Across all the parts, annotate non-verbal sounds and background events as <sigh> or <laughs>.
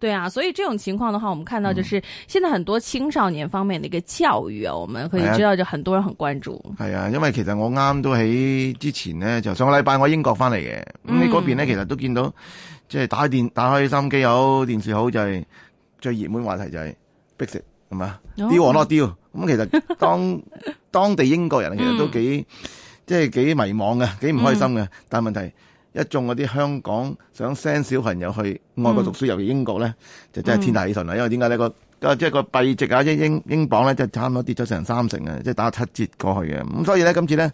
對啊，所以這種情況的話，我們看到就是現在很多青少年方面的一個教育啊、嗯，我們可以知道就很多人很關注。係啊，啊，因為其實我啱都喺之前呢，就上個禮拜我英國翻嚟嘅，咁喺嗰邊呢，其實都見到即係、就是、打開電、打開收音機好、電視好，就係、是、最熱門話題就係 Brexit 係嘛，deal or no deal。咁、哦嗯、其實當 <laughs> 當地英國人其實都幾即係幾迷茫嘅，幾唔開心嘅、嗯，但係問題。一眾嗰啲香港想 send 小朋友去外國讀書、嗯，尤其英國咧，就真係天大喜訊啦、嗯！因為點解呢？那個個即係個幣值啊，即英英，英鎊咧，即係差唔多跌咗成三成啊，即、就、係、是、打七折過去嘅。咁所以咧，今次咧。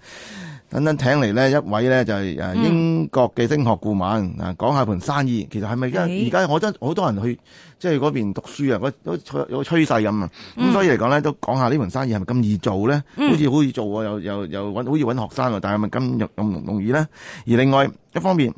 等等請嚟呢一位咧就係、是、英國嘅升學顧問啊、嗯，講下盤生意。其實係咪而家而家，我覺得好多人去即係嗰邊讀書啊，都吹個都有趨勢咁啊。咁、嗯、所以嚟講咧，都講下呢盤生意係咪咁易做咧？好似好易做喎、啊，又又又好易搵學生喎、啊，但係咪咁咁容容易咧？而另外一方面，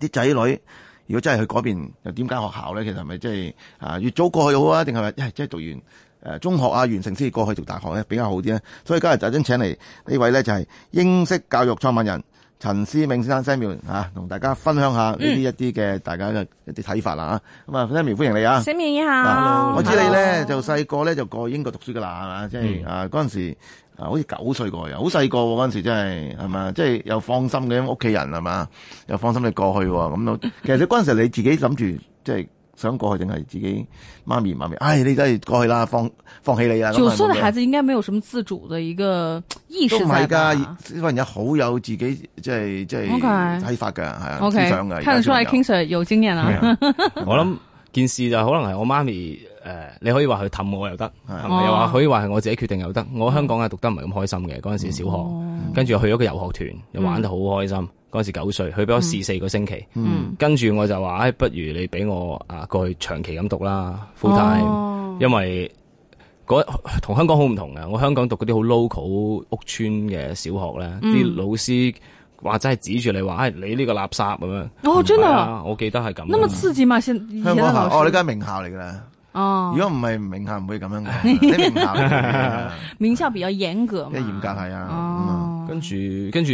啲仔女如果真係去嗰邊，又點解學校咧？其實係咪即係啊？越早過去好啊？定係咪？係即係讀完？呃、中學啊，完成之後過去讀大學咧比較好啲咧，啊，所以今日就真請嚟呢位咧就係、是、英式教育創辦人陳思銘先生，s a 聲 e 嚇同大家分享下呢啲一啲嘅大家嘅一啲睇法啦，啊、嚇。咁啊，e l 歡迎你啊！聲苗，啊、我知你咧就細個咧就過去英國讀書噶啦，嘛，就是啊？即係啊嗰陣時啊，好似九歲過去，好細個嗰陣時真係係嘛？即係又放心嘅，屋企人係嘛，又放心你過去喎，啊。咁、嗯、咯， <laughs> 其實你嗰陣時你自己諗住即係。就是想過去定係自己媽咪媽咪，哎，你真係過去啦，放放棄你啦。九歲的孩子應該冇有什麼自主的一個意識。都唔係噶，呢個人有好有自己，即係即係睇法嘅，係、okay。啊，okay。思想嘅。King Sir 有經驗啦。 <laughs> 我諗件事就可能係我媽咪誒、呃，你可以話佢氹我又得，係咪、哦？又話可以話係我自己決定又得。我香港係讀得唔係咁開心嘅，嗰陣時小學，嗯嗯、跟住去咗個遊學團，又玩得好開心。嗯嗯嗰時九歲，去俾我試四個星期，嗯，跟住我就話：哎，不如你俾我啊過去長期咁讀啦，full time。因為嗰同香港好唔同嘅，我香港讀嗰啲好 local 屋村嘅小學咧，啲、嗯、老師話真係指住你話，哎，你呢個垃圾咁樣。哦、啊、真係，我記得係咁。咁麼刺激嘛，先香港校哦，呢間名校嚟噶啦。哦，如果唔係名校，唔會咁樣嘅。名校， <laughs> 名校比較嚴格。一嚴格係啊、哦嗯、啊，跟住跟住。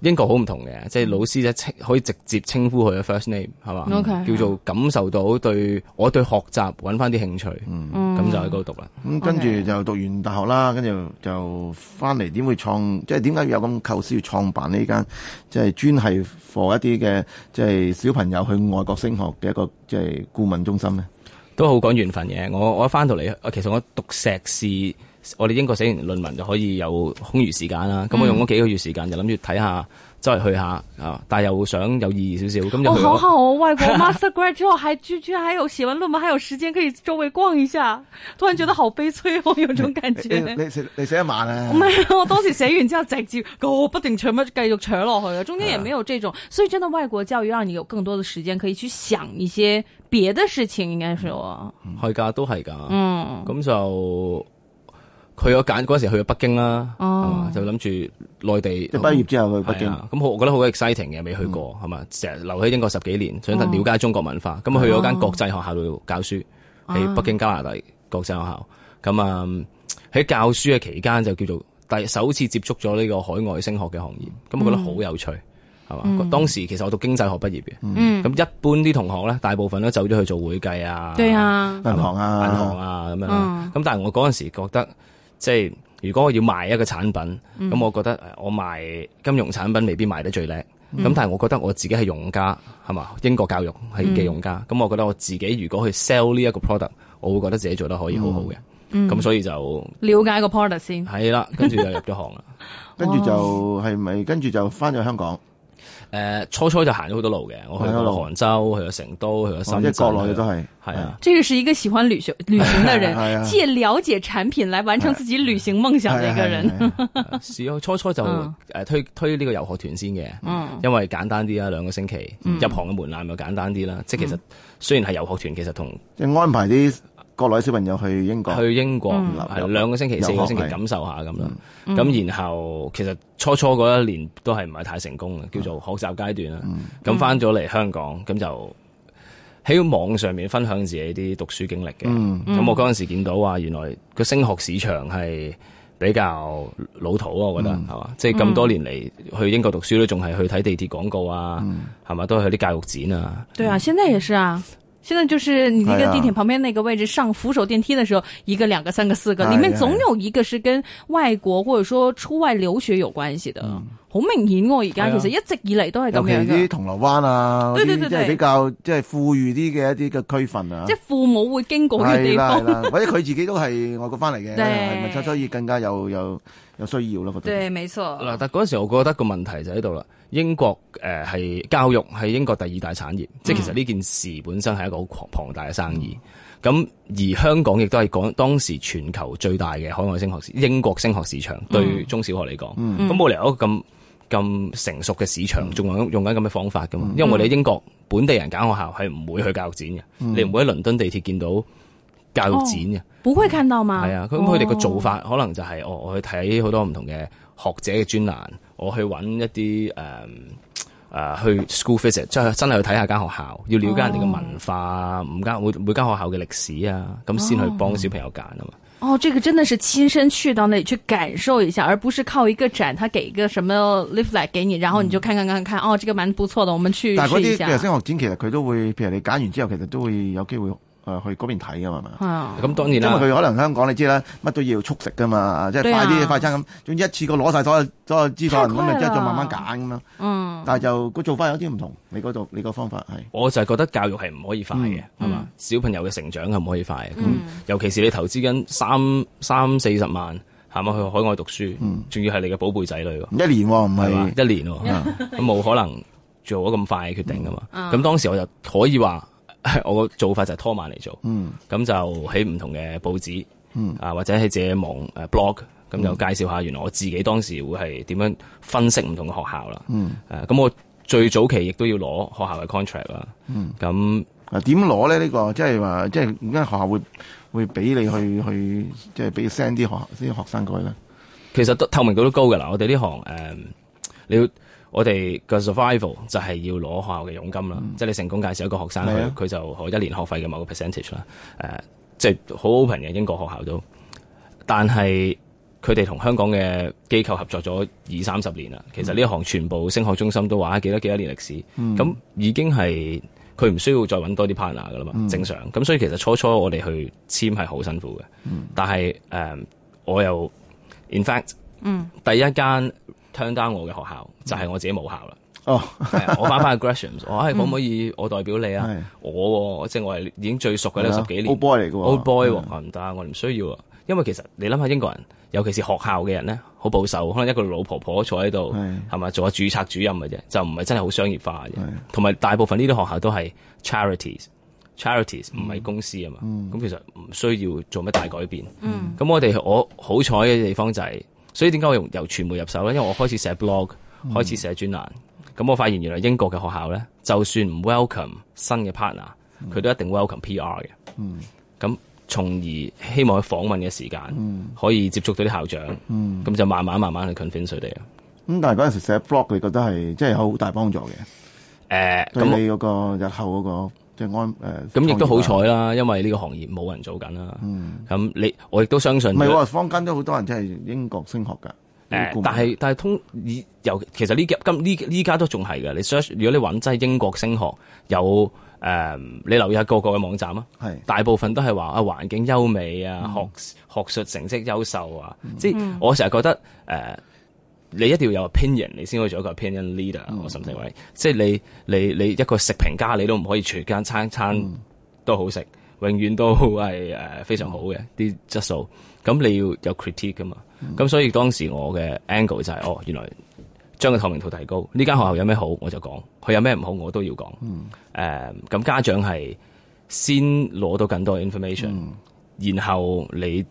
英國好唔同嘅，即係老師可以直接稱呼佢嘅 first name 係嘛？Okay, 叫做感受到對我對學習搵翻啲興趣，咁、嗯、就喺嗰度讀啦。咁跟住就讀完大學啦，跟住就翻嚟點會創？即係點解要有咁構思要創辦呢間即係專係 for 一啲嘅即係小朋友去外國升學嘅一個即係顧問中心咧？都好講緣分嘅，我我一翻到嚟，其實我讀碩士。我哋英國寫完論文就可以有空餘時間啦，咁我用咗幾個月時間、嗯,就諗住睇下周圍去下啊，但係又想有意義少少，咁就去。我、哦、好，好外國 <laughs> master grad 之後，還居然還有寫完論文，還有， <laughs> 還有時間可以周圍逛一下，突然覺得好悲催我、哦、有種感覺。你寫你，你，你，你寫一晚呢、啊？唔係，我當時寫完之後直接個不定搶，乜繼續搶落去嘅，中間也沒有這種、啊，所以真的外國教育讓你有更多的時間可以去想一些別的事情，應該是哦。係呀都係噶，嗯，咁、嗯嗯嗯、就。去咗間嗰陣時，去咗北京啦、oh.，就諗住內地。即係畢業之後去北京，咁、啊、我覺得好 exciting 嘅，未去過，係、嗯、嘛？成日留喺英國十幾年，想了解中國文化。咁、嗯、去咗間國際學校度教書，喺、oh. 北京加拿大國際學校。咁、oh. 啊，喺教書嘅期間就叫做第首次接觸咗呢個海外升學嘅行業。咁、嗯、我覺得好有趣，係嘛、嗯？當時其實我讀經濟學畢業嘅，咁、嗯、一般啲同學咧，大部分都走咗去做會計啊、銀、啊、行啊、銀行啊咁樣。咁、嗯、但係我嗰時覺得。即係如果我要賣一個產品，咁、嗯、我覺得我賣金融產品未必賣得最叻，咁、嗯、但係我覺得我自己係用家，係嘛？英國教育係嘅用家，咁、嗯、我覺得我自己如果去 sell 呢一個 product，我會覺得自己做得可以好好嘅，咁、哦嗯、所以就了解個 product 先，係啦，跟住就入咗行啦， <laughs> 跟住就係咪？跟住就翻咗香港。誒、呃，初初就行咗好多路嘅，我去咗杭州，去咗成都，去咗深圳，即係國內嘅都係，係、就是、啊， <noise> 啊。這個是一個喜歡旅行、欸、旅行的人、欸，借了解產品來完成自己旅行夢想嘅一個人。是啊、嗯嗯，初初就、嗯嗯、推推呢個遊學團先嘅，因為簡單啲啊，兩個星期，入行嘅門檻咪簡單啲啦，即係其實雖然係遊學團，其實同即安排啲。國內小朋友去英國，去英國係兩、嗯、個星期四、四個星期感受下咁咁、嗯、然後其實初初嗰一年都係唔係太成功嘅，叫做學習階段啦。咁翻咗嚟香港，咁、嗯、就喺網上面分享自己啲讀書經歷嘅。咁、嗯、我嗰陣時見到啊，原來個升學市場係比較老土啊，我覺得係嘛？即係咁多年嚟去英國讀書都仲係去睇地鐵廣告啊，係、嗯、嘛？都係去啲教育展啊。對啊，嗯、現在也是啊。真的就是你呢個地鐵旁邊那個位置上扶手電梯的時候，一個、兩、啊、個、三個、四個、啊，裡面總有一個是跟外國或者說出外留學有關係的，好、啊、明顯、啊。而家其實一直以來都係咁樣嘅、啊。尤其啲銅鑼灣啊，即係、就是、比較即係、就是、富裕啲嘅一啲嘅區份啊，即、就、係、是、父母會經過嘅地方，啊啊啊、或者佢自己都係外國翻嚟嘅，係咪？是是所以更加有有有需要咯，覺得。對，冇錯。嗱，但嗰陣時，我覺得個問題就喺度啦。英國誒係、呃、教育係英國第二大產業，嗯、即其實呢件事本身係一個好龐大嘅生意。咁、嗯、而香港亦都係講當時全球最大嘅海外升學市，英國升學市場對中小學嚟講，咁冇理由一個咁咁成熟嘅市場，仲、嗯、用緊用緊咁嘅方法噶嘛、嗯？因為我哋喺英國、嗯、本地人揀學校係唔會去教育展嘅、嗯，你唔會喺倫敦地鐵見到教育展嘅。哦。不會看到嗎？係、嗯、啊，咁佢哋個做法可能就係我我去睇好多唔同嘅學者嘅專欄，我去揾一啲誒誒去 school visit，即係真係去睇下間學校，要了解人哋嘅文化五間、oh. 每每間學校嘅歷史啊，咁先去幫小朋友揀啊嘛。哦，這個真的是親身去到那裏去感受一下，而不是靠一個展，佢俾一個什麼 live like 給你，然後你就看看看看、嗯、哦，這個蠻不錯的，我們去。但係嗰啲譬如升學展，其實佢都會，譬如你揀完之後，其實都會有機會。去嗰邊睇噶嘛嘛，咁當然啦，因為佢可能香港、嗯、你知啦，乜都要速食噶嘛，即係、啊就是、快啲快餐咁，總之一次過攞晒所有所有資產，咁咪再慢慢揀咁咯。嗯，但係就個做法有啲唔同，你嗰度你個方法係，我就係覺得教育係唔可以快嘅，係、嗯、嘛、嗯，小朋友嘅成長係唔可以快嘅、嗯，尤其是你投資緊三三四十萬，係咪去海外讀書，仲、嗯、要係你嘅寶貝仔女，一年唔、喔、係一年喎、喔，冇、 <laughs> 嗯、可能做咗咁快嘅決定噶嘛，咁、嗯嗯、當時我就可以話。我個做法就係拖慢嚟做，咁、嗯、就喺唔同嘅報紙，啊、嗯、或者喺自己網 blog，咁、嗯、就介紹下原來我自己當時會係點樣分析唔同嘅學校啦。誒、嗯、咁、啊、我最早期亦都要攞學校嘅 contract 啦。咁點攞咧？啊、呢、呢個即係話，即係而家學校會會俾你去去，即係俾 send 啲學啲學生過去呢。其實都透明度都高㗎啦，我哋呢行、嗯、你要。我哋個 survival 就係要攞學校嘅佣金啦、嗯，即係你成功介紹一個學生佢，啊、就可一年學費嘅某個 percentage 啦、呃，即係好 open 嘅英國學校都。但係佢哋同香港嘅機構合作咗二三十年啦、嗯，其實呢一行全部升學中心都話幾多幾多年歷史，咁、嗯、已經係佢唔需要再搵多啲 partner 噶啦嘛，正常。咁所以其實初初我哋去簽係好辛苦嘅、嗯，但係誒、呃，我又 in fact，、嗯、第一間。相擔我嘅學校、嗯、就係、是、我自己母校啦。哦、oh. <laughs> 啊，我翻翻個 graduations，我係可唔可以我代表你啊？嗯、我即、啊、係、就是、我係已經最熟嘅呢十幾年 old boy 嚟喎，old boy，唔、啊、得、啊，我唔需要、啊。因為其實你諗下英國人，尤其是學校嘅人咧，好保守，可能一個老婆婆坐喺度，係咪做下注冊主任嘅啫，就唔係真係好商業化嘅。同埋大部分呢啲學校都係 charities，charities、嗯、唔係公司啊嘛。咁、嗯嗯、其實唔需要做咩大改變。咁、嗯嗯、我哋我好彩嘅地方就係、是。所以點解我用由傳媒入手咧？因為我開始寫 blog，嗯、開始寫專欄，咁我發現原來英國嘅學校咧，就算唔 welcome 新嘅 partner，佢、嗯、都一定 welcome PR 嘅。咁、嗯、從而希望喺訪問嘅時間、嗯、可以接觸到啲校長，咁、嗯、就慢慢慢慢去 confirm 佢哋啦。咁、嗯、但係嗰陣時寫 blog，你覺得係即係好大幫助嘅。誒、呃，對你嗰個日後嗰、嗰個。即係咁亦都好彩啦，因為呢個行業冇人做緊啦。咁、嗯、你我亦都相信如果。唔係喎，坊間都好多人即係英國升學嘅、呃，但係但係通以尤其實呢今呢呢家都仲係嘅。你 search 如果你揾真係英國升學有誒、呃，你留意一下個個嘅網站啊。係大部分都係話啊環境優美啊，學學術成績優秀啊。嗯秀啊嗯、即係、嗯、我成日覺得誒。呃你一定要有 opinion，你先可以做一個 opinion leader。嗯。我甚至認為，即、嗯、係、就是、你你你一個食評家，你都唔可以隨間餐餐都好食、嗯，永遠都係非常好嘅啲、嗯、質素。咁你要有 critique 噶嘛？咁、嗯、所以當時我嘅 angle 就係、是嗯、哦，原來將個透明度提高。呢間學校有咩好，我就講；佢有咩唔好我，我都要講。誒，咁家長係先攞到更多 information、嗯、然後你。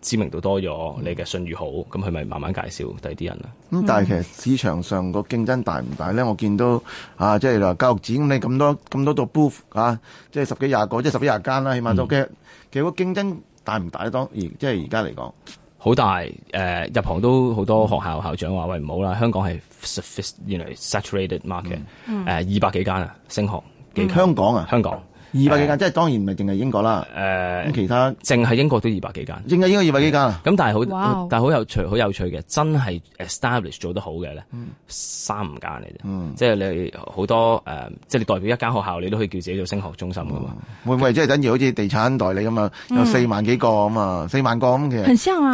知名度多咗，你嘅信譽好，咁佢咪慢慢介紹第啲人啦。咁、嗯、但係其實市場上個競爭大唔大咧？我見到啊，即係話，教育展咁，你咁多咁多度 booth 啊，即、就、係、是、十幾廿個即係、就是、十幾廿間啦，起碼都嘅。其實個競爭大唔大咧？當而即係而家嚟講好大。誒、呃、入行都好多學校校長話，喂，唔好啦，香港係 surface 原來 saturated market、嗯。誒二百幾間啊，升學。其、嗯、實香港啊，香港。二百幾間，即係當然唔係淨係英國啦。誒、呃，其他淨係英國都二百幾間。應該應該二百幾間。咁但係好，但係好、wow、有趣，好有趣嘅，真係 establish 做得好嘅咧、嗯，三五間嚟嘅即係你好多誒，即係你、呃、你代表一間學校，你都可以叫自己做升學中心噶嘛。嗯、會唔會即係等於好似地產代理咁啊、嗯，有四萬幾個啊四萬個咁其實。很像啊。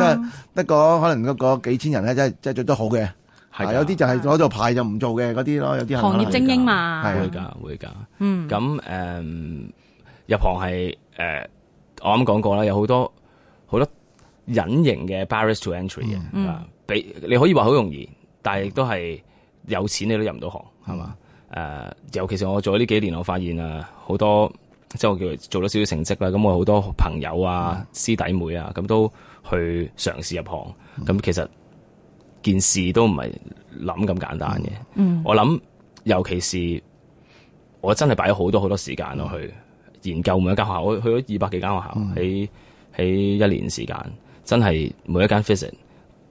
得得可能嗰幾千人咧，真係真係做得好嘅。係，有啲就係攞咗牌就唔做嘅嗰啲咯，有啲行業精英嘛，係會噶會噶。咁誒、嗯 um, 入行係誒，uh, 我啱講過啦，有好多好多隱形嘅 barriers to entry 嘅、嗯，啊、uh,，你可以話好容易，但係亦都係有錢你都入唔到行，係嘛？誒、uh,，尤其是我做咗呢幾年，我發現好多即係我叫做做咗少少成績啦，咁我好多朋友啊、師弟妹啊，咁都去嘗試入行，咁、嗯、其實。件事都唔係諗咁簡單嘅，嗯。我諗，尤其是我真係擺咗好多好多時間落去研究每一間學校。我去咗二百幾間學校喺喺，嗯、一年時間，真係每一間 visit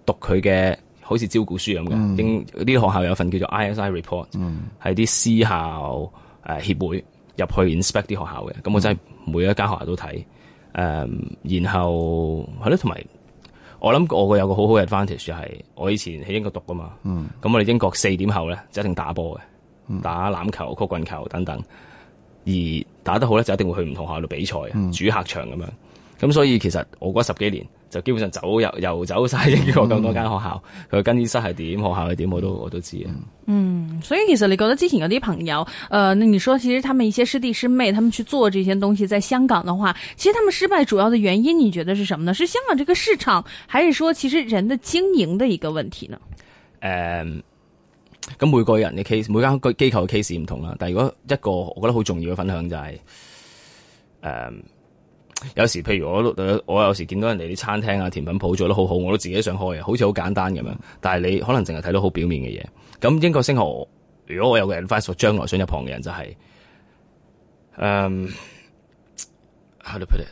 讀佢嘅好似招股書咁嘅。啲，嗯、學校有份叫做 ISI Report，係，嗯、啲私校誒協會入去 inspect 啲學校嘅。咁我真係每一間學校都睇，嗯、然後係咯，同埋。我諗我會有個好好嘅 advantage 係，我以前喺英國讀噶嘛，咁、嗯、我哋英國四點後咧就一定打波嘅、嗯，打籃球、曲棍球等等，而打得好咧就一定會去唔同學校度比賽、嗯，主客場咁樣，咁所以其實我覺得十幾年。就基本上走又遊走晒英國咁多間學校，佢、嗯、更衣室係點，學校係點，我都我都知啊。嗯，所以其實你覺得之前嗰啲朋友，誒、呃，你說其實他們一些師弟師妹，他們去做這些東西，在香港嘅話，其實他們失敗主要的原因，你覺得是什麼呢？是香港這個市場，還是說其實人的經營的一個問題呢？誒、嗯，咁每個人嘅 case，每間個機構嘅 case 唔同啦。但係如果一個，我覺得好重要嘅分享就係、是，誒、嗯。有時譬如我我有時見到人哋啲餐廳啊、甜品鋪做得好好，我都自己想開嘅好似好簡單咁樣。但係你可能淨係睇到好表面嘅嘢。咁英國星河，如果我有個 advice 我將來想入行嘅人就係、是，嗯，how to put it，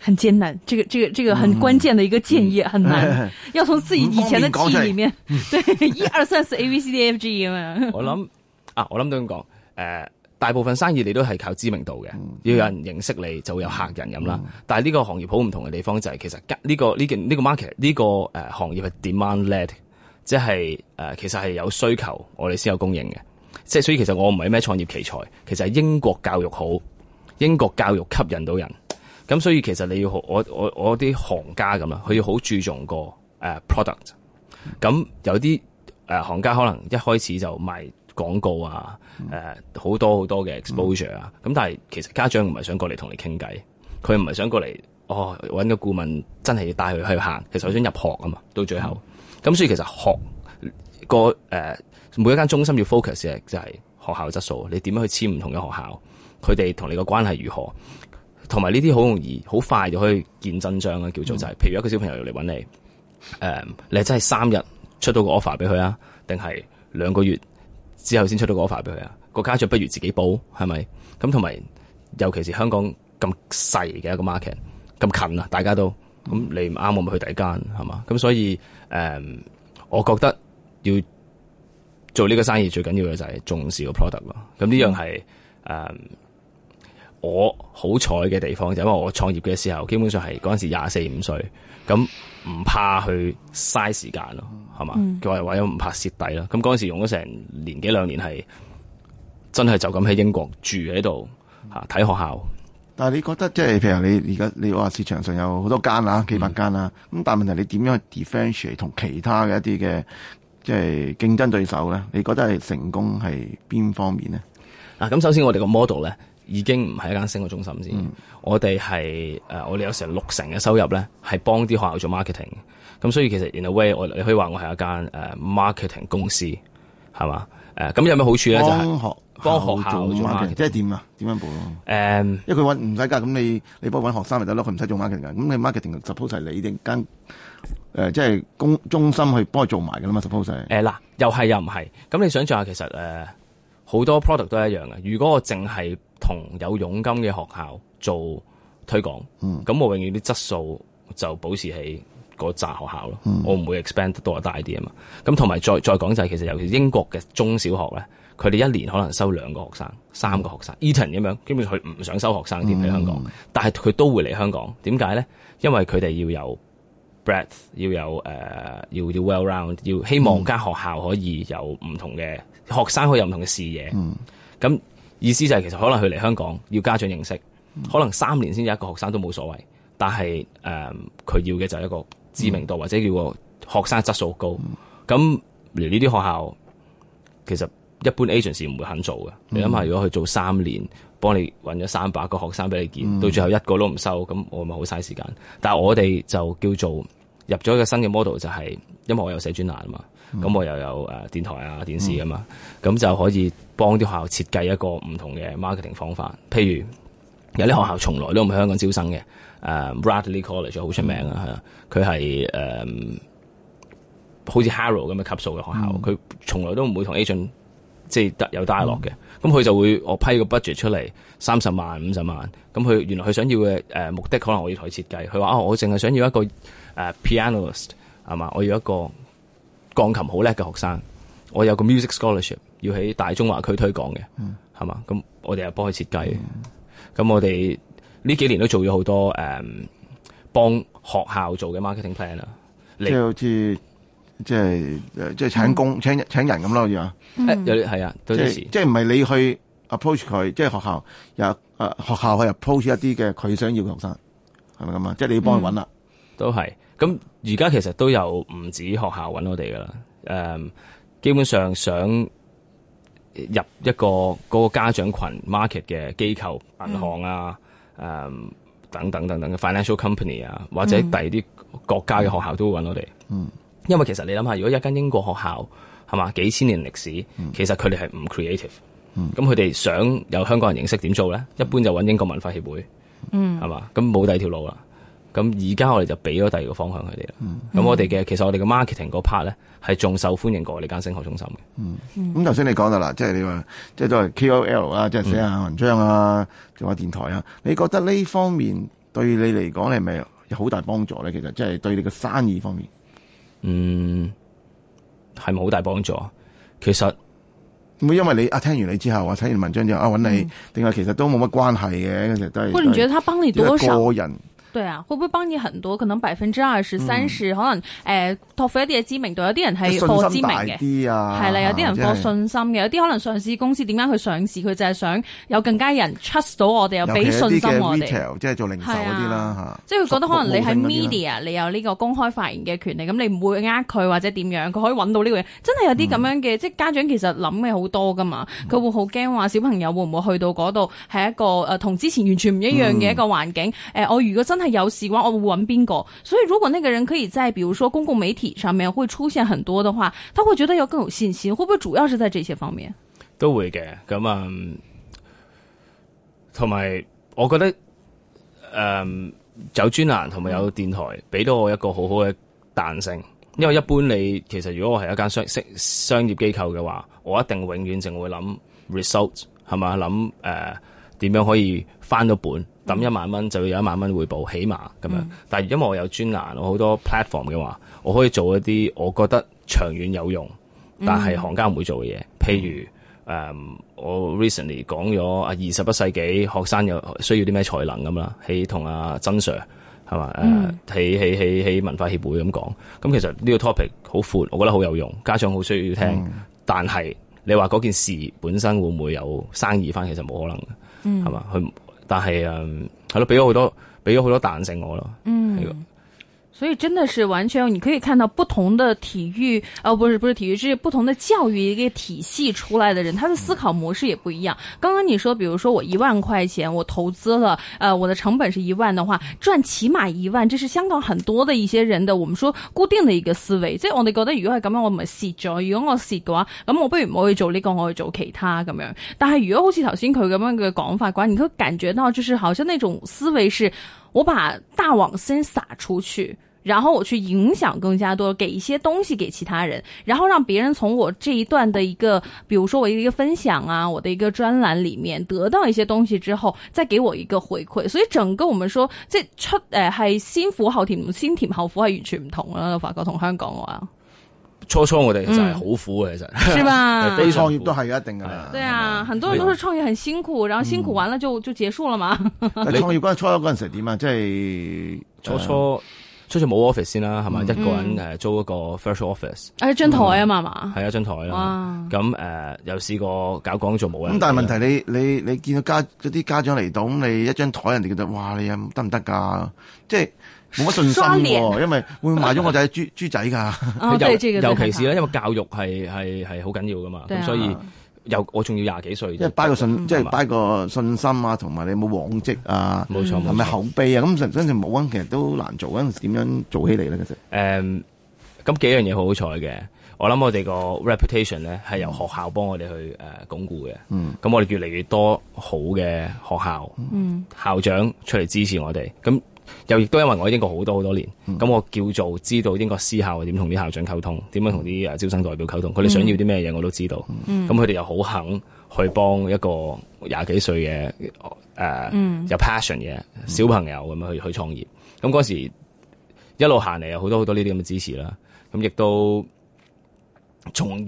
很艱難。這個、這個、這個很關鍵的一個建議，嗯、很難。嗯、要從自己以前的記憶裏面， <laughs> 對，一二三四 abcdfg 嘛。我諗啊，我諗都咁講，呃大部分生意你都係靠知名度嘅，要有人認識你就會有客人咁啦、嗯。但係呢個行業好唔同嘅地方就係、這個這個這個呃呃，其實呢個呢件呢個 market 呢個誒行業係 demand led，即係誒其實係有需求我哋先有供應嘅。即係所以其實我唔係咩創業奇才，其實係英國教育好，英國教育吸引到人。咁所以其實你要我我我啲行家咁呀，佢要好注重個誒 product。咁有啲誒行家可能一開始就賣。廣告啊，誒、呃、好多好多嘅 exposure 啊、嗯，咁但係其實家長唔係想過嚟同你傾偈，佢唔係想過嚟，哦揾個顧問真係要帶佢去行，其實佢想入學啊嘛，到最後，咁、嗯、所以其實學個誒、呃、每一間中心要 focus 嘅就係學校質素，你點樣去簽唔同嘅學校，佢哋同你個關係如何，同埋呢啲好容易好快就可以見真章啊，叫做就係、是，譬如一個小朋友嚟揾你，誒、呃、你真係三日出到個 offer 俾佢啊，定係兩個月？之後先出到嗰塊俾佢啊！個家長不如自己補，係咪？咁同埋尤其是香港咁細嘅一個 market，咁近啊！大家都咁你唔啱，我咪去第一間係嘛？咁所以誒、嗯，我覺得要做呢個生意最緊要嘅就係重視個 product 咯。咁呢樣係誒。嗯我好彩嘅地方就因為我創業嘅時候，基本上係嗰陣時廿四五歲，咁唔怕去嘥時間咯，係嘛？佢話為咗唔怕蝕底啦。咁嗰陣時用咗成年幾兩年，係真係就咁喺英國住喺度吓睇學校。但係你覺得即係，就是、譬如你而家你話市場上有好多間啦，幾百間啦，咁、嗯、但係問題你點樣去 differentiate 同其他嘅一啲嘅即係競爭對手咧？你覺得係成功係邊方面咧？嗱、啊，咁首先我哋個 model 咧。已經唔係一間升學中心先，嗯，我哋係誒，我哋有成六成嘅收入咧係幫啲學校做 marketing。咁所以其實 In a way 我你可以話我係一間誒、uh, marketing 公司係嘛？誒咁，uh, 有咩好處咧？就係、是、幫學幫學校做 marketing，校校做 marketing 即係點啊？點樣做？誒、um，因為佢揾唔使㗎，咁你你幫佢揾學生咪得咯？佢唔使做 marketing 嘅，咁你 marketing suppose 係你間誒即係公中心去幫佢做埋㗎啦嘛？Suppose 係嗱，又係又唔係？咁你想象下其實誒。Uh, 好多 product 都一樣嘅。如果我淨係同有佣金嘅學校做推廣，咁、嗯、我永遠啲質素就保持喺嗰紮學校咯、嗯。我唔會 expand 多大啲啊嘛。咁同埋再再講就係、是、其實尤其英國嘅中小學咧，佢哋一年可能收兩個學生、三個學生，Eton 咁、嗯、樣，基本佢唔想收學生添喺香港，嗯、但係佢都會嚟香港。點解咧？因為佢哋要有。breath 要有誒、呃、要要 well round 要希望間學校可以有唔同嘅、嗯、學生可以有唔同嘅視野，咁、嗯、意思就係、是、其實可能佢嚟香港要家長認識，嗯、可能三年先有一個學生都冇所謂，但係誒佢要嘅就係一個知名度、嗯、或者叫個學生質素高，咁嚟呢啲學校其實一般 agency 唔會肯做嘅、嗯，你諗下如果佢做三年。幫你揾咗三百個學生俾你見、嗯，到最後一個都唔收，咁我咪好嘥時間。但係我哋就叫做入咗一個新嘅 model，就係、是、因為我有寫專欄啊嘛，咁、嗯、我又有誒、呃、電台啊、電視啊嘛，咁、嗯、就可以幫啲學校設計一個唔同嘅 marketing 方法。譬如有啲學校從來都唔喺香港招生嘅、呃、Bradley College 好出名啊，佢、嗯、係、呃、好似 Harrow 咁嘅級數嘅學校，佢、嗯、從來都唔會同 Agent 即係有帶落嘅。嗯嗯咁佢就會我批個 budget 出嚟，三十萬五十萬，咁佢原來佢想要嘅、呃、目的可能我要同佢設計，佢話啊，我淨係想要一個、呃、pianist 係嘛，我要一個鋼琴好叻嘅學生，我有個 music scholarship 要喺大中華區推廣嘅係嘛？咁、嗯、我哋又幫佢設計，咁、嗯、我哋呢幾年都做咗好多誒、嗯、幫學校做嘅 marketing plan 啦，你好似。即係即係請工、嗯、請請人咁咯要、嗯、啊、就是。係啊，即係唔係你去 approach 佢，即、就、係、是、學校又啊學校去 approach 一啲嘅佢想要嘅學生，係咪咁啊？即、就、係、是、你要幫佢揾啦，都係。咁而家其實都有唔止學校揾我哋噶啦，誒、嗯，基本上想入一個嗰個家長群 market 嘅機構、銀行啊，誒、嗯嗯，等等等等嘅 financial company 啊，嗯、或者第二啲國家嘅學校都會揾我哋。嗯因為其實你諗下，如果一間英國學校係嘛幾千年歷史，其實佢哋係唔 creative，咁佢哋想有香港人認識點做咧？一般就搵英國文化協會係嘛，咁、嗯、冇第二條路啦。咁而家我哋就俾咗第二個方向佢哋啦。咁、嗯嗯、我哋嘅其實我哋嘅 marketing 個 part 咧係仲受歡迎過呢間升學中心嘅。咁頭先你講到啦，即係你話即係都係 K.O.L 啊，即係寫下文章啊，做下電台啊、嗯。你覺得呢方面對你嚟講係咪有好大幫助咧？其實即係對你嘅生意方面。嗯，係冇好大幫助？其實唔會因為你啊，聽完你之後啊，睇完文章之後啊揾你，定係其實都冇乜關係嘅，其實都係。不過你覺得佢幫你多少？對啊，會唔會幫你很多？可能百分之二十三十，可能誒、呃、拓闊一啲嘅知名度。有啲人係貨知名嘅，係啦、啊，有啲人貨信心嘅、啊就是，有啲可能上市公司點解佢上市，佢就係想有更加有人 trust 到我哋，又俾信心我哋。即係做零售嗰啲啦，即係佢覺得可能你喺 media，你有呢個公開發言嘅權利，咁你唔會呃佢或者點樣，佢可以揾到呢個嘢。真係有啲咁樣嘅、嗯，即係家長其實諗嘅好多噶嘛。佢會好驚話小朋友會唔會去到嗰度係一個同、呃、之前完全唔一樣嘅一個環境。嗯呃、我如果真係有習慣哦玩 Bingo，所以如果那個人可以在，比如說公共媒體上面會出現很多的話，他會覺得要更有信心，會不會主要是在這些方面？都會嘅，咁、嗯、啊，同埋我覺得誒、嗯，有專欄同埋有電台俾到我一個很好好嘅彈性、嗯，因為一般你其實如果我係一間商商商業機構嘅話，我一定永遠淨會諗 result 係嘛諗誒。點樣可以翻到本抌一萬蚊就要有一萬蚊回報，起碼咁樣，但係因為我有專欄，我好多 platform 嘅話，我可以做一啲我覺得長遠有用，但係行家唔會做嘅嘢。譬如誒、嗯，我 recently 講咗啊，二十一世紀學生有需要啲咩才能咁啦，喺同阿曾 Sir 係嘛誒，喺喺喺喺文化協會咁講。咁其實呢個 topic 好闊，我覺得好有用，家長好需要聽。但係你話嗰件事本身會唔會有生意翻？其實冇可能。嗯，係嘛，佢，但係嗯，係咯，俾咗好多，俾咗好多彈性我咯，嗯。所以真的是完全，你可以看到不同的體育，呃不是不是體育，這是不同的教育一個體系出來的人，他的思考模式也不一樣。剛剛你說，比如說我一萬塊錢，我投資了，呃，我的成本是一萬的話，賺起碼一萬，這是香港很多的一些人的我們說固定的一個思維，即係我哋覺得如果係咁樣，我咪係蝕咗，如果我蝕嘅話，咁我不如唔可以做呢個，我去做其他咁樣。但係如果好似頭先佢咁樣嘅講法，話你會感覺到就是好像那種思維是，我把大網先撒出去。然後我去影響更加多，給一些東西給其他人，然後讓別人從我這一段的一個，比如說我的一個分享啊，我的一個專欄裏面得到一些東西之後，再給我一個回饋。所以整個我們說，這出誒，係先苦後甜，先甜後苦，係完全唔同咯。法國同香港話、啊，初初我哋真係好苦嘅，其、嗯、實、就是。是吧？非創業都係一定嘅。對啊，很多人都是創業很辛苦，然後辛苦完了就、嗯、就結束了嘛。創業嗰陣初初嗰陣時點啊，即係、嗯、初初。出去冇 office 先啦，係、嗯、咪？一個人誒租一個 virtual office，誒一張台啊嘛，係嘛？係、嗯、一張台啦。咁誒有試過搞講座冇咧。咁但係問題你你你見到家嗰啲家長嚟到，咁你一張台人哋覺得哇，你有得唔得㗎？即係冇乜信心喎、啊，因為會唔會賣咗個仔係豬豬仔㗎、啊。 <laughs> 尤其是咧，因為教育係係係好緊要㗎嘛，咁、啊、所以。啊。又我仲要廿幾歲，即係帶一個信，即係帶個信心啊，同埋你冇往績啊，係咪口碑啊？咁實真正冇啊，其實都難做啊，點樣做起嚟咧？其實誒，咁幾樣嘢好好彩嘅，我諗我哋個 reputation 咧係由學校幫我哋去誒鞏固嘅。嗯，咁我哋越嚟越多好嘅學校，嗯，校長出嚟支持我哋，咁。又亦都因為我喺英國好多好多年，咁、嗯、我叫做知道英國私校點同啲校長溝通，點樣同啲誒招生代表溝通，佢、嗯、哋想要啲咩嘢，我都知道。咁佢哋又好肯去幫一個廿幾歲嘅誒有 passion 嘅小朋友咁樣去、嗯嗯、去創業。咁嗰時一路行嚟，有好多好多呢啲咁嘅支持啦。咁亦都從而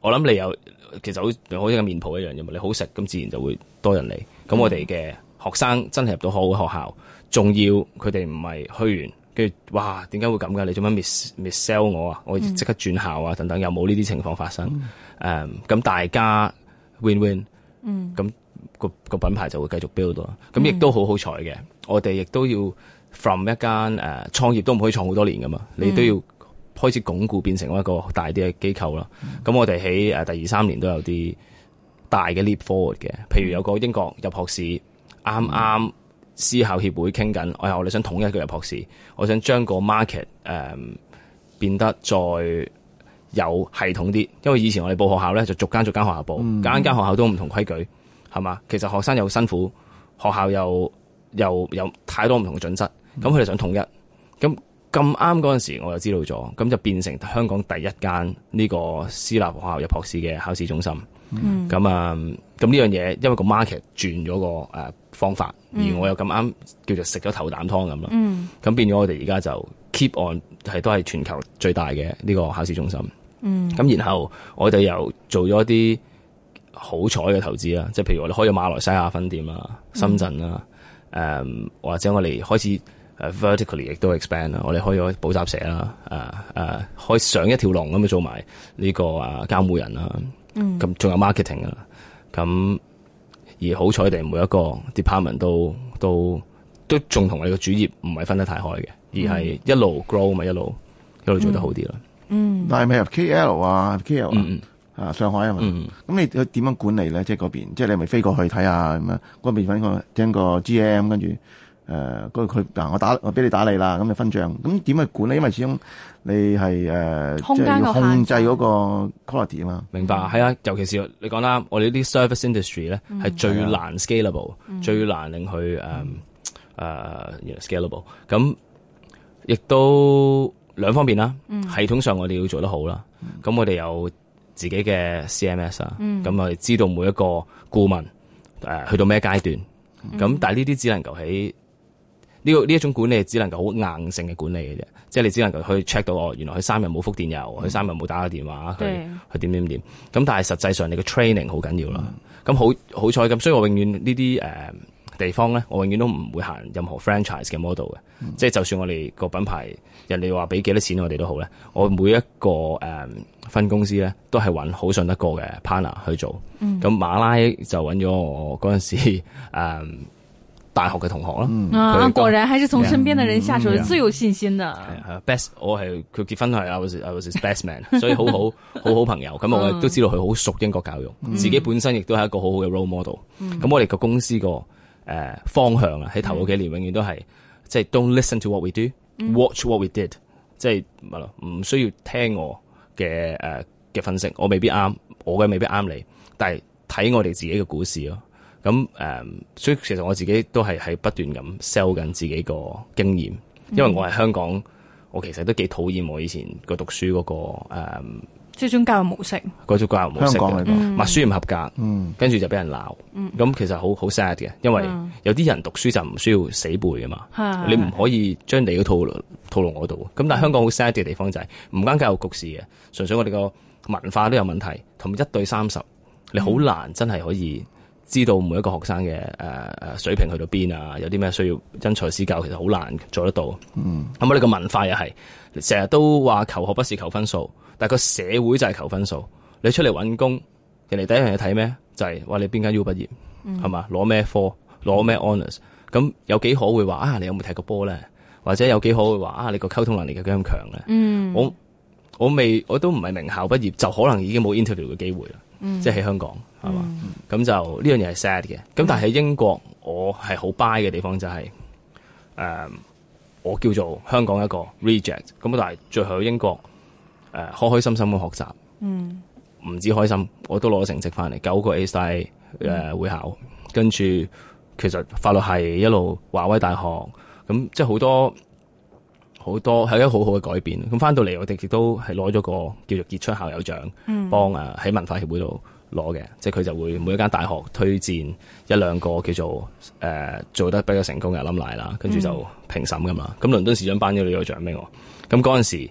我諗你又其實好好似個麵舖一樣嘢，你好食咁自然就會多人嚟。咁我哋嘅學生真係入到好好學校。嗯學校重要佢哋唔係虛完，跟住哇，點解會咁噶？你做乜 miss sell 我啊？嗯、我即刻轉校啊！等等，又冇呢啲情況發生。咁、嗯 um, 大家 win win，咁、嗯個個品牌就會繼續 build 咯。咁、嗯、亦都好好彩嘅。我哋亦都要 from 一間誒、uh, 創業都唔可以創好多年噶嘛、嗯，你都要開始鞏固變成一個大啲嘅機構啦。咁、嗯、我哋喺、uh, 第二三年都有啲大嘅 Leap Forward 嘅，譬如有個英國入學試，啱、嗯、啱。剛剛私校協會傾緊，我我哋想統一佢入學試，我想將個 market 誒、呃、變得再有系統啲，因為以前我哋報學校咧就逐間逐間學校報，間、嗯、間學校都唔同規矩，係嘛？其實學生又辛苦，學校又又有太多唔同嘅準則，咁佢哋想統一，咁咁啱嗰陣時我就知道咗，咁就變成香港第一間呢個私立學校入學試嘅考試中心。咁、嗯、啊，咁、嗯、呢樣嘢，因為個 market 轉咗個誒方法、嗯，而我又咁啱叫做食咗頭啖湯咁咯。咁、嗯、變咗我哋而家就 keep on 係都係全球最大嘅呢個考試中心。咁、嗯、然後我哋又做咗啲好彩嘅投資啦，即係譬如我哋開咗馬來西亞分店啦深圳啦，誒、嗯、或者我哋開始 vertically 亦都 expand 啦，我哋開咗補習社啦，誒誒開上一條龍咁樣做埋呢個監護人啦。咁、嗯、仲有 marketing 噶喇，咁而好彩哋每一個 department 都都都仲同你哋嘅主業唔係分得太開嘅，而係一路 grow 嘛，一路一路做得好啲咯。嗯但是是、啊，但係咪入 K L 啊 K L 啊啊上海啊嘛，咁你佢點樣管理咧？即係嗰邊，即係你咪飛過去睇下，咁啊嗰邊揾個個 G M 跟住。誒、呃，嗰個佢嗱，我打我俾你打你啦，咁你分賬。咁點去管咧？因為始終你係誒，即、呃、係、就是、要控制嗰個 quality 啊嘛。明白？係、嗯、啊，尤其是你講啦，我哋呢啲 service industry 咧、嗯，係最難 scalable、嗯、最難令佢誒誒 scalable。咁亦都兩方面啦，嗯、系統上我哋要做得好啦。咁、嗯、我哋有自己嘅 CMS 啊、嗯，咁我哋知道每一個顧問、呃、去到咩階段。咁、嗯、但係呢啲只能夠喺呢呢一種管理只能夠好硬性嘅管理嘅啫，即係你只能夠去 check 到哦，原來佢三日冇覆電郵，佢、嗯、三日冇打電話，佢點點點咁。但係實際上你嘅 training 好緊要啦。咁好好彩咁，所以我永遠呢啲、呃、地方咧，我永遠都唔會行任何 franchise 嘅 model 嘅，嗯、即係就算我哋個品牌人哋話俾幾多錢我哋都好咧，我每一個、呃、分公司咧都係揾好信得過嘅 partner 去做。咁、嗯、馬拉就揾咗我嗰陣時、呃大學嘅同學啦，啊、嗯、果然還是從身邊嘅人下手係、嗯、最有信心嘅。Yeah, best 我係佢結婚係 I was I was his best man， <laughs> 所以好好好好朋友。咁我都知道佢好熟英國教育，嗯、自己本身亦都係一個好好嘅 role model、嗯。咁我哋個公司個誒、呃、方向啊，喺頭嗰幾年永遠都係即係 don't listen to what we do，watch what we did，即係唔係咯？唔、就是、需要聽我嘅誒嘅分析，我未必啱，我嘅未必啱你，但係睇我哋自己嘅股市咯。咁、嗯、誒，所以其實我自己都係喺不斷咁 sell 緊自己個經驗，因為我喺香港，我其實都幾討厭我以前個讀書嗰、那個誒，即、嗯、係教育模式嗰種、那個、教育模式嘅。默、嗯、書唔合格，嗯，跟住就俾人鬧，嗯，咁、嗯嗯、其實好好 sad 嘅，因為有啲人讀書就唔需要死背㗎嘛，嗯、你唔可以將你嗰套套落我度咁，但香港好 sad 嘅地方就係、關係唔關教育局事嘅，純粹我哋個文化都有問題，同一對三十，你好難真係可以，嗯知道每一個學生嘅誒、呃、水平去到邊啊？有啲咩需要因材施教，其實好難做得到。嗯，咁、嗯、你個文化又係成日都話求學不是求分數，但係個社會就係求分數。你出嚟揾工，人哋第一樣嘢睇咩？就係、是、話你邊間 U 畢業，係、嗯、嘛？攞咩科，攞咩 honors。咁有幾可會話啊？你有冇踢過波咧？或者有幾可會話啊？你個溝通能力有幾咁強咧？嗯，我我未我都唔係名校畢業，就可能已經冇 interview 嘅機會啦。即係喺香港，係、嗯、嘛？咁就呢、嗯、樣嘢係 sad 嘅。咁但係喺英國，嗯、我係好 buy 嘅地方就係、是，誒、呃，我叫做香港一個 reject。咁但係最後喺英國，誒、呃，開開心心咁學習，唔、嗯、止開心，我都攞咗成績翻嚟，九個 A star，誒，會考。跟、嗯、住，其實法律系一路，華威大學，咁即係好多。多是好多係一好好嘅改變，咁返到嚟我哋亦都係攞咗個叫做傑出校友獎，幫喺文化協會度攞嘅。即係佢就會每一間大學推薦一兩個叫做誒、呃、做得比較成功嘅諗奶啦，跟住就評審㗎嘛。咁、嗯、倫敦市長頒咗呢個獎俾我，咁嗰陣時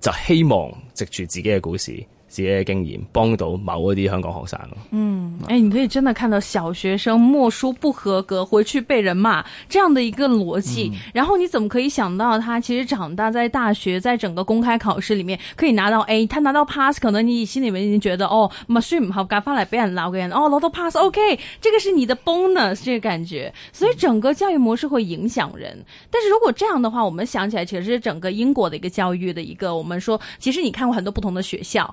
就希望藉住自己嘅故事。自己嘅經驗幫到某一啲香港學生嗯，哎、欸，你可以真的看到小學生默書不合格，回去被人罵這樣的一個邏輯、嗯、然後你怎麼可以想到他其實長大在大學在整個公開考試裏面可以拿到 A，、欸、他拿到 pass，可能你心裏面已經覺得哦，默書唔好，改翻嚟俾人鬧嘅人，哦，拿到 pass OK，這個是你的 bonus，這個感覺所以整個教育模式會影響人。但是如果這樣的話我們想起來其實是整個英國的一個教育的一個我們說其實你看過很多不同的學校。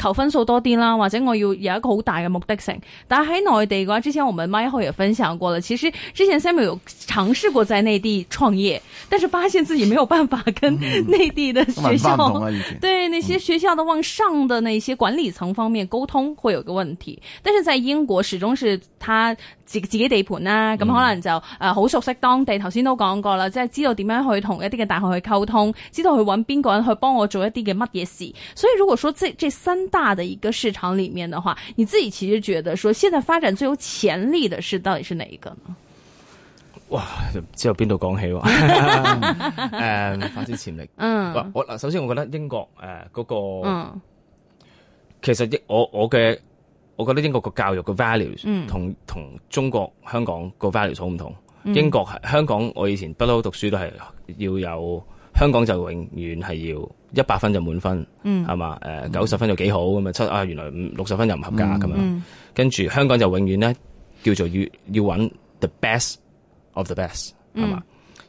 求分數多啲啦，或者我要有一個好大嘅目的性。但係喺內地嘅話，之前我們 Michael 也分享過啦。其實之前 Samuel 有嘗試過在內地創業，但是發現自己沒有辦法跟內地的學校，嗯、對、啊、那些學校的往上的那些管理層方面溝通會有個個問題、嗯。但是在英國，始終是他。自己地盤啦、啊，咁、嗯、可能就誒好、呃、熟悉當地。頭先都講過啦，即、就、係、是、知道點樣去同一啲嘅大學去溝通，知道去揾邊個人去幫我做一啲嘅乜嘢事。所以如果說這這三大的一個市場裏面的話，你自己其實覺得說現在發展最有潛力的是到底是哪一個呢？哇，唔知道邊度講起喎、啊。誒，發展潛力，嗯，我嗱，首先我覺得英國誒嗰、uh, 那個，um, 其實我我嘅。我覺得英國個教育個 values、嗯、同同中國香港個 values 好唔同。英國、嗯、香港我以前不嬲讀書都係要有香港就永遠係要一百分就滿分，係、嗯、嘛？誒九十分就幾好咁啊？七啊原來五六十分就唔合格咁、嗯、樣，嗯、跟住香港就永遠咧叫做要要揾 the best of the best 係嘛、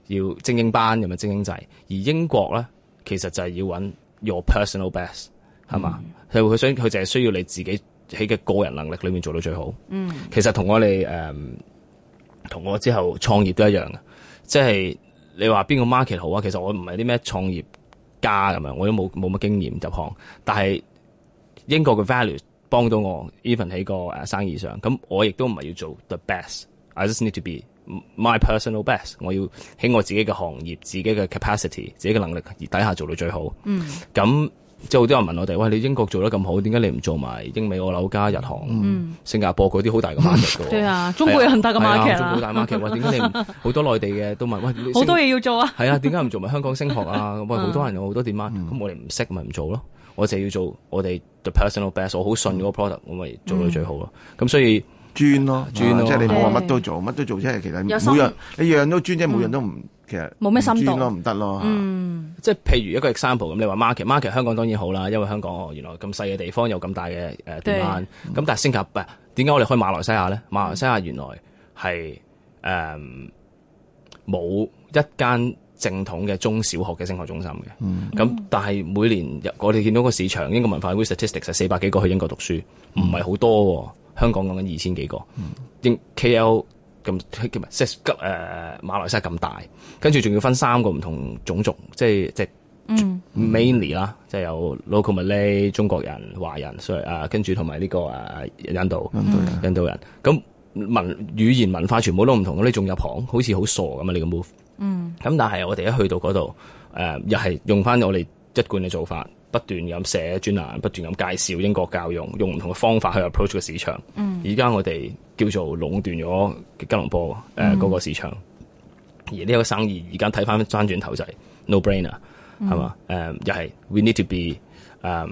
嗯？要精英班咁嘅精英制，而英國咧其實就係要揾 your personal best 係嘛？佢佢想佢淨係需要你自己。喺嘅個人能力裏面做到最好。嗯，其實同我哋誒，同我之後創業都一樣嘅。即係你話邊個 market 好啊？其實我唔係啲咩創業家咁樣，我都冇冇乜經驗入行。但係英國嘅 value 幫到我。Even 喺個生意上，咁我亦都唔係要做 the best。I just need to be my personal best。我要喺我自己嘅行業、自己嘅 capacity、自己嘅能力而底下做到最好。嗯，咁。即係好多人問我哋，喂，你英國做得咁好，點解你唔做埋英美澳樓加日韓、嗯，新加坡嗰啲好大嘅 market 嘅？對、嗯、啊，中國有恒大嘅 market 中國大 market，點解你好多內地嘅都問，喂，好多嘢，要做啊？係啊，點解唔做埋、就是、香港升學啊？喂、 <laughs> 嗯，好多人有好多點啊，咁、嗯、我哋唔識咪唔做咯，我就係要做我哋 the personal best，我好信嗰個 product，我咪做到最好咯。咁、嗯、所以。專咯，專咯，咯，咯，即係你冇話乜都做，乜都做，即係其實每樣你樣都專，即、嗯、係每樣都唔其實。冇咩深度咯，唔得咯。即係、嗯嗯、譬如一個 example 咁，你話 market，market 香港當然好啦，因為香港哦原來咁細嘅地方有咁大嘅誒點咁但係新加坡，點、嗯、解我哋開馬來西亞咧？馬來西亞原來係誒冇一間正統嘅中小學嘅升學中心嘅。咁、嗯嗯、但係每年我哋見到個市場，英國文化會 statistics 係四百幾個去英國讀書，唔係好多。香港講緊二千幾個，應、嗯、KL 咁叫唔係 s 馬來西亞咁大，跟住仲要分三個唔同種族，即係即係 mainly 啦，即係、嗯嗯就是、有 local Malay、中國人、華人，所以啊，跟住同埋呢個誒、啊、印度、嗯、印度人，咁、嗯、文語言文化全部都唔同，你仲入行，好似好傻咁啊！你個 move，咁、嗯、但係我哋一去到嗰度，誒、啊、又係用返我哋一貫嘅做法。不斷咁寫專欄，不斷咁介紹英國教育，用唔同嘅方法去 approach 個市場，嗯嗯呃那個市場。而家我哋叫做壟斷咗吉隆坡誒嗰個市場，而呢一個生意而家睇翻翻轉頭就係 no brainer 係、嗯、嘛？誒又係 we need to be 誒、um。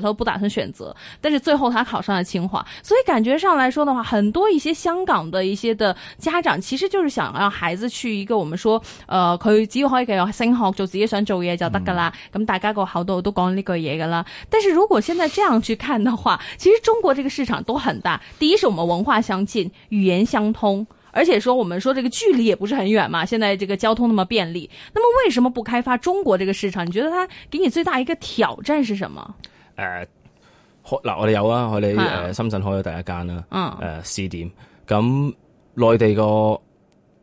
他都不打算選擇，但是最後他考上了清華。所以感覺上來說的話，很多一些香港的一些的家長其實就是想讓孩子去一個我們說，呃，佢只要可以繼續升學，做自己想做嘢就得噶啦。咁大家個口都講呢個嘢噶啦。但是如果現在這樣去看的話，其實中國這個市場都很大。第一，是我們文化相近，語言相通，而且說我們說這個距離也不是很遠嘛。現在這個交通那麼便利，那麼為什麼不開發中國這個市場？你覺得它給你最大一個挑戰是什麼？誒、呃，嗱我哋有啊，我哋誒深圳開咗第一間啦，誒試、啊呃、點。咁內地個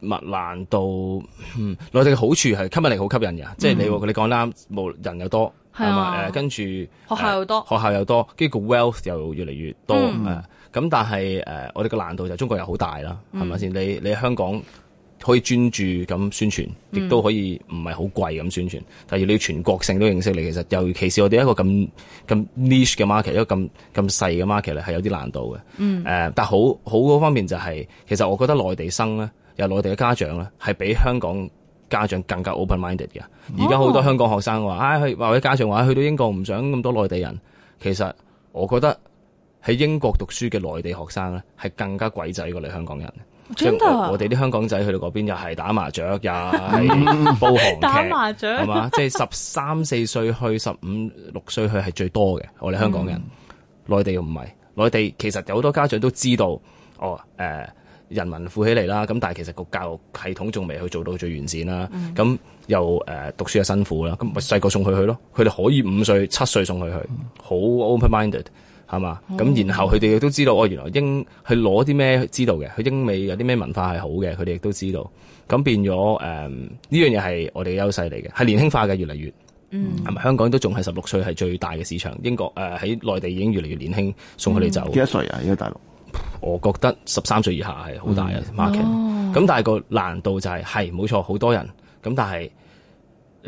物難度，內、嗯、地嘅好處係吸引力好吸引嘅、嗯，即係你你講得啱，冇人又多係嘛？誒、啊呃、跟住學校又多，學校又多，跟住個 wealth 又越嚟越多。誒、嗯，咁、呃、但係誒、呃、我哋個難度就中國又好大啦，係咪先？你你香港？可以專注咁宣傳，亦都可以唔係好貴咁宣傳。嗯、但係如果你全國性都認識你，其實尤其是我哋一個咁咁 niche 嘅 market，一個咁咁細嘅 market 咧，係有啲難度嘅。誒、嗯，uh, 但好好嗰方面就係、是，其實我覺得內地生咧，由內地嘅家長咧，係比香港家長更加 open minded 嘅。而家好多香港學生話，唉、哎，或者家長話，去到英國唔想咁多內地人。其實我覺得喺英國讀書嘅內地學生咧，係更加鬼仔過你香港人。的我哋啲香港仔去到嗰邊又係打麻雀，又煲韓劇，打麻雀，係 <laughs> 嘛？係嘛 <laughs> 即係十三四歲去，十五六歲去係最多嘅。我哋香港人，嗯、內地又唔係內地。其實有好多家長都知道，哦，誒、呃，人民富起嚟啦，咁但係其實個教育系統仲未去做到最完善啦。咁、嗯、又誒、呃、讀書又辛苦啦。咁咪細個送佢去咯。佢哋可以五歲、七歲送佢去，好 open minded。係嘛？咁然後佢哋亦都知道哦哦，哦，原來英去攞啲咩知道嘅，佢英美有啲咩文化係好嘅，佢哋亦都知道。咁變咗誒呢樣嘢係我哋嘅優勢嚟嘅，係年輕化嘅，越嚟越係咪、嗯、香港都仲係十六歲係最大嘅市場？英國誒喺、呃、內地已經越嚟越年輕，送佢哋走幾多歲啊？而家大陸，我覺得十三歲以下係好大嘅 market。咁、嗯哦、但係個難度就係係冇錯，好多人咁，但係。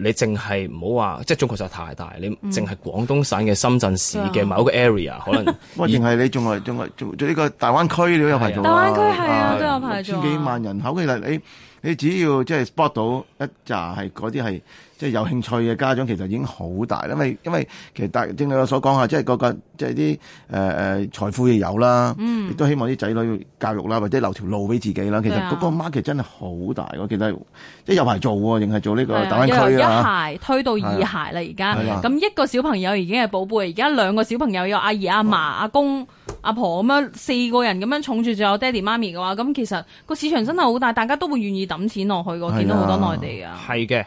你淨係唔好話即係中國實在太大。你淨係廣東省嘅深圳市嘅某一個 area，、嗯、可能我仍係你仲係仲係做做呢個大灣區都有排做、啊。 <laughs> 大灣區係啊都、啊啊啊、有排做、啊，千、啊、幾萬人口，其實你你只要即係 spot 到一紮係嗰啲係。即係有興趣嘅家長其實已經好大，因為因為其實大正如我所講啊，即係個個即係啲、呃、財富嘅有啦，亦、嗯、都希望啲仔女教育啦，或者留條路俾自己啦。其實嗰個 market 真係好大，我記得即係有排做喎，仍係做呢個大灣區啊。一孩推到二孩啦，而家咁一個小朋友已經係寶貝，而家兩個小朋友有阿爺阿嫲阿公阿婆咁樣四個人咁樣寵住，仲有爹哋媽咪嘅話，咁其實個市場真係好大，大家都會願意揼錢落去。我見到好多內地啊，係嘅。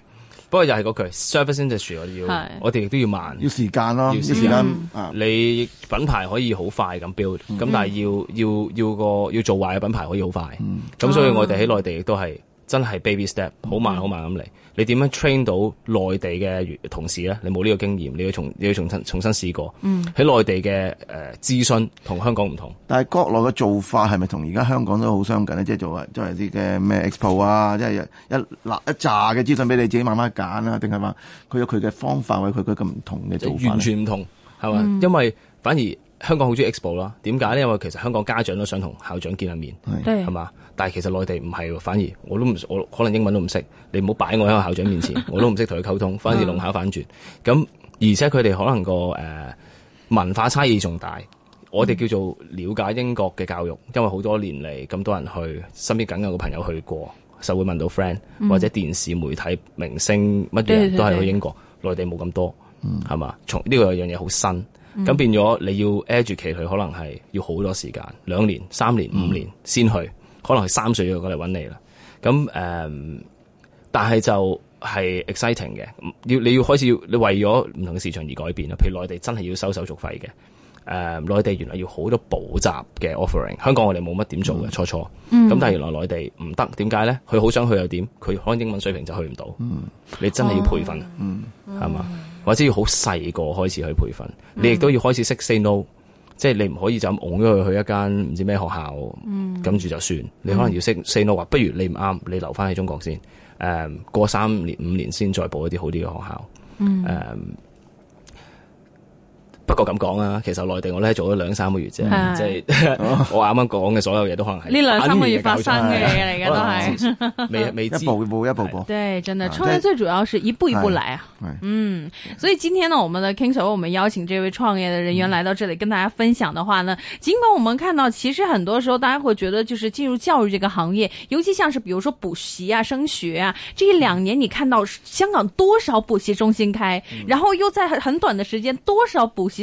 不過又係嗰句，service industry 我哋要，我哋亦都要慢，要時間咯，要時間。嗯、你品牌可以好快咁 build，咁但係要要要個要做壞嘅品牌可以好快，咁、嗯、所以我哋喺內地亦都係。真係 baby step，好慢好慢咁嚟、嗯。你點樣 train 到內地嘅同事咧？你冇呢個經驗，你要重你要重新重新試過。喺、嗯、內地嘅誒資訊同香港唔同。但係國內嘅做法係咪同而家香港都好相近呢？即係做做啲嘅咩 expo 啊，即係一一一揸嘅資訊俾你自己慢慢揀啊。定係話佢有佢嘅方法，或者佢嘅唔同嘅做法？完全唔同，係嘛、嗯？因為反而。香港好中意 Expo 啦，點解呢？因為其實香港家長都想同校長見下面，係係嘛？但其實內地唔係喎，反而我都唔我可能英文都唔識，你唔好擺我喺個校長面前， <laughs> 我都唔識同佢溝通。反而弄巧反拙咁、嗯，而且佢哋可能個誒、呃、文化差異仲大。嗯、我哋叫做了解英國嘅教育，因為好多年嚟咁多人去，身邊梗有個朋友去過，就會問到 friend、嗯、或者電視媒體明星乜嘢都係去英國，嗯、內地冇咁多，係嘛？從呢個有樣嘢好新。咁、嗯、變咗你要 educate 佢可能係要好多時間，兩年、三年、五年先去，嗯、可能係三歲要過嚟搵你啦。咁誒、嗯，但係就係 exciting 嘅，要你要開始要你為咗唔同嘅市場而改變。譬如內地真係要收手續費嘅，誒、呃、內地原來要好多補習嘅 offering，香港我哋冇乜點做嘅、嗯，初初。咁、嗯、但係原來內地唔得，點解咧？佢好想去又點？佢可能英文水平就去唔到、嗯。你真係要培訓，係、嗯、嘛？或者要好細個開始去培訓，你亦都要開始識 say no，mm. 即係你唔可以就咁擁咗佢去一間唔知咩學校，跟、mm. 住就算。你可能要識 say no，話不如你唔啱，你留翻喺中國先。誒，過三年五年先再報一啲好啲嘅學校。誒、mm. um。不過咁講啊，其實內地我呢做咗兩三個月啫，嗯、即係、oh、 <laughs> 我啱啱講嘅所有嘢都可能係呢兩三個月發生嘅嘢嚟嘅都係 <laughs> 未未步步一步一步，一步對。對，真的、啊、創業最主要是一步一步來啊、就是。嗯，所以今天呢，我們的 King Sir，我們邀請這位創業的人員來到這裡跟大家分享的話呢，嗯、儘管我們看到，其實很多時候大家會覺得，就是進入教育這個行業，尤其像是，比如說補習啊、升學啊，這一兩年你看到香港多少補習中心開，嗯、然後又在很短的時間多少補習。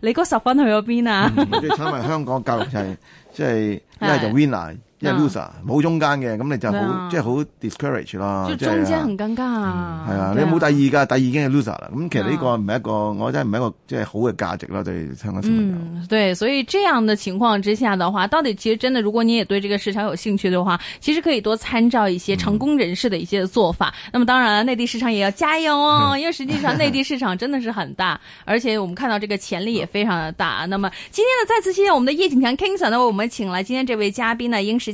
你嗰十分去咗邊啊？即係睇埋香港教育 <laughs> 就係即係一係就，是，就 winner Yeah. loser 冇中間嘅，咁你就好、yeah. 即係好 discourage 咯。就係中間很尷尬係啊！你冇第二㗎，第二已經係 loser 啦。咁其實呢個唔係一個，yeah. 我真係唔係一個即係、就是、好嘅價值咯。對香港市民友、嗯，對，所以這樣的情況之下嘅話，到底其實真的，如果你也對這個市場有興趣嘅話，其實可以多參照一些成功人士的一些的做法、嗯。那麼當然，內地市場也要加油啊、哦嗯！因為實際上內地市場真的是很大， <laughs> 而且我們看到這個潛力也非常的大。嗯、那麼今天呢，再次謝謝我們的葉景強 King Sir，呢，我們請來今天這位嘉賓呢，英識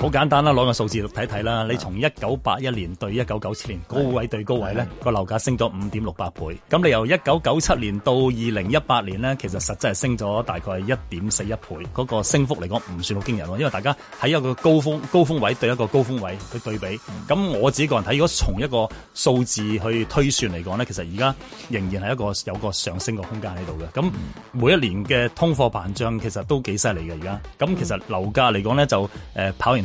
好簡單啦，攞個數字睇睇啦。你從一九八一年對一九九七年高位對高位，呢個樓價升咗五點六八倍。咁你由一九九七年到二零一八年呢，其實實際係升咗大概一點四一倍。嗰、嗰個升幅，嚟講唔算好驚人喎，因為大家喺一個高峰高峰位對一個高峰位去對比。咁我自己個人睇，如果從一個數字去推算嚟講呢，其實而家仍然係一個有個上升嘅空間喺度嘅。咁每一年嘅通貨膨脹其實都幾犀利嘅。而家咁其實樓價嚟講呢，就誒、呃、跑完。